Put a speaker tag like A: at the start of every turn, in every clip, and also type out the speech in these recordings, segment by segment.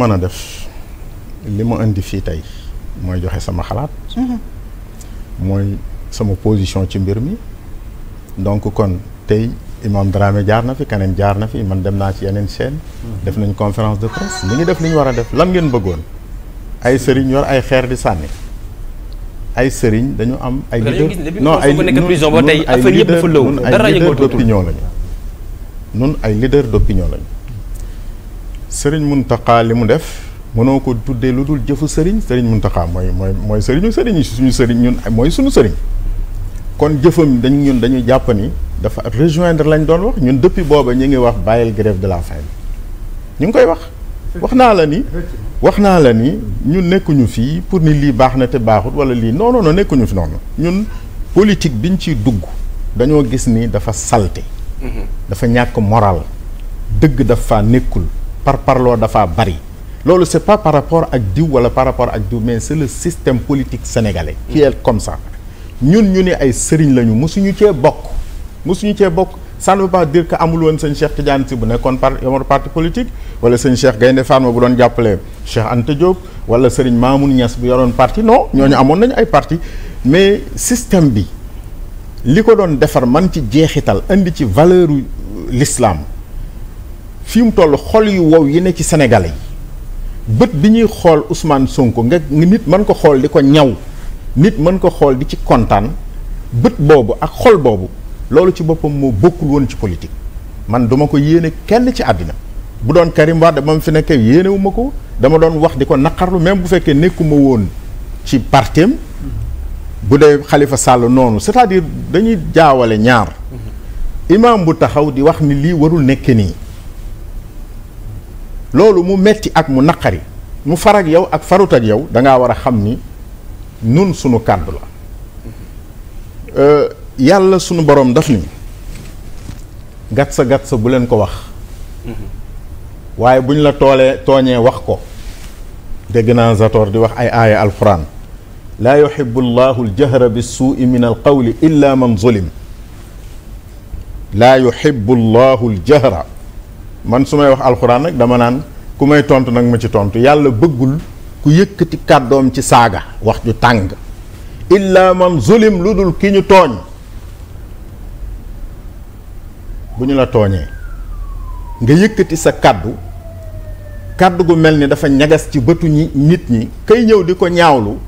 A: mën a def li ma indi fii tey mooy joxe sama xalaat. Mm-hmm. mooy sama position ci mbir mi. donc kon tey Imam Dramé jaar na fi keneen jaar na fi man dem naa ci yeneen seen mm-hmm. def nañ conférence de presse. ñu ngi def li ñu war a def lan ngeen bëggoon. ay sëriñ yor ay xeer di sànni. ay sëriñ dañu am ay. leader non ay ñun ay leader d'opinion lañu. ay leader d'opinion lañu. sëriñ Muntaxa li mu def mënoo ko tuddee lu dul jëfu sëriñ sëriñ Muntaxa mooy mooy mooy sëriñu sëriñ suñu sëriñ ñun mooy suñu sëriñ kon jëfam dañ ñun dañuy jàpp ni dafa rejoindre lañ doon wax ñun depuis booba ñu ngi wax bàyyil grève de la faim ñu ngi koy wax wax naa la ni wax naa la ni ñun nekkuñu fii pour ni lii baax na te baaxut wala lii non non nekkuñu fi noonu ñun politique biñ ciy dugg dañoo gis ni dafa salte mhm. dafa ñàkk moral dëgg dafa nekkul par parloo dafa bari loolu c'est pas par rapport ak diw wala par rapport ak diw mais c'est le système politique sénégalais qui comme ça ñun ñu ni ay sëriñ lañu mosuñu cee bokk mosuñu cee bokk ça ne veut dire que amul woon sëñ Cheikh Tidiane si bu nekkoon par yomoon parti politique wala sëñ Cheikh Gaynde Fatma bu doon jàppale Cheikh Anta Diop wala sëriñ Mamoun Niass bu yoroon parti ñoo ñu amoon nañu ay parti mais système bi li ko doon defar man ci jeexital indi ci valeur l'islam fi mu toll xol yu wow yi ne ci Sénégalais yi bët bi ñuy xool usmaan Sonko nga nit mën ko xool di ko ñaw nit mën ko xool di ci kontaan bët boobu ak xol boobu loolu ci boppam moo bokkul woon ci politique man duma ko yéene kenn ci àddina bu doon Karim Wade ba mu fi nekkee yéenewu ma ko dama doon wax di ko naqarlu même bu fekkee nekkuma woon ci partem bu dee xalifa Sall noonu cest à dañuy jaawale ñaar mm-hmm. imam bu taxaw di wax ni lii warul nekke nii loolu mu metti ak mu naqari mu far ak yow ak farut yow dangaa war a xam ni nun sunu kàddu la euh, yàlla sunu borom daf ni gat sa bu leen ko wax mm-hmm. waaye bu ñu la toolee tooñee wax ko dégg naa Zator di wax ay aaya alquran laa yuhibbu llahu aljahra bissuui min alqawli illa man zulim laa yuhibbu llahu aljahra man su may wax alxuraan nag dama naan ku may tontu nag ma ci tontu yàlla bëggul ku yëkkati kàddoom ci saaga wax ju tàng illa man zulim lu dul ki ñu tooñ bu ñu la tooñee nga yëkkati sa kàddu kàddu gu mel ni dafa ñagas ci bëtu ñi nit ñi kay ñëw di ko ñaawlu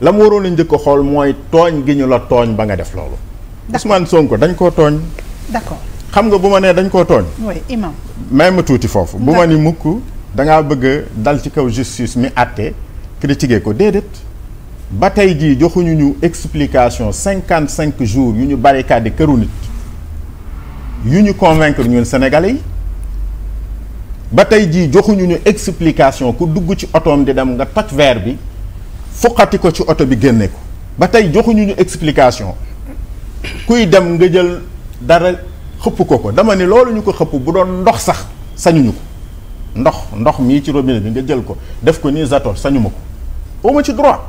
A: la mu waroon a njëkk xool mooy tooñ gi ñu la tooñ ba nga def loolu Ousmane Sonko dañ koo tooñ xam nga bu ma nee dañ koo tooñ. oui imam. may ma tuuti foofu. bu ma ni mukk da ngaa bëgg dal ci kaw justice mi àtte critiquer ko déedéet. ba tey jii joxuñu ñu explication cinquante cinq jours yu ñu barricade këru nit yu ñu convaincre ñun sénégalais yi ba tey jii joxuñu ñu explication ku dugg ci otoom di dem nga toj verre bi fuqati ko ci oto bi génne ko ba tey joxuñu ñu explication kuy dem nga jël dara. xëpp ko ko dama ni loolu ñu ko xëpp bu doon ndox sax sañuñu ko ndox ndox mii ci robinet bi nga jël ko def ko nii zatol sañu ma ko awma ci droit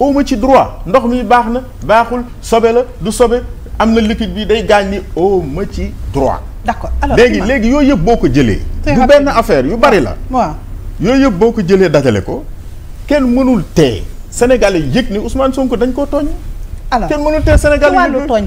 A: awma ci droit ndox mi baax na baaxul sobe la du sobe am na liquide bi day gaañ ni awma ci droit
B: d'accord léegi léegi
A: yooyu yëpp boo ko jëlee du benn affaire yu bari la yooyu yëpp boo ko jëlee dajale ko kenn mënul tee Sénégalais yëg ni Ousmane Sonko dañ koo tooñ alors kenn mënul tee Sénégalais yëg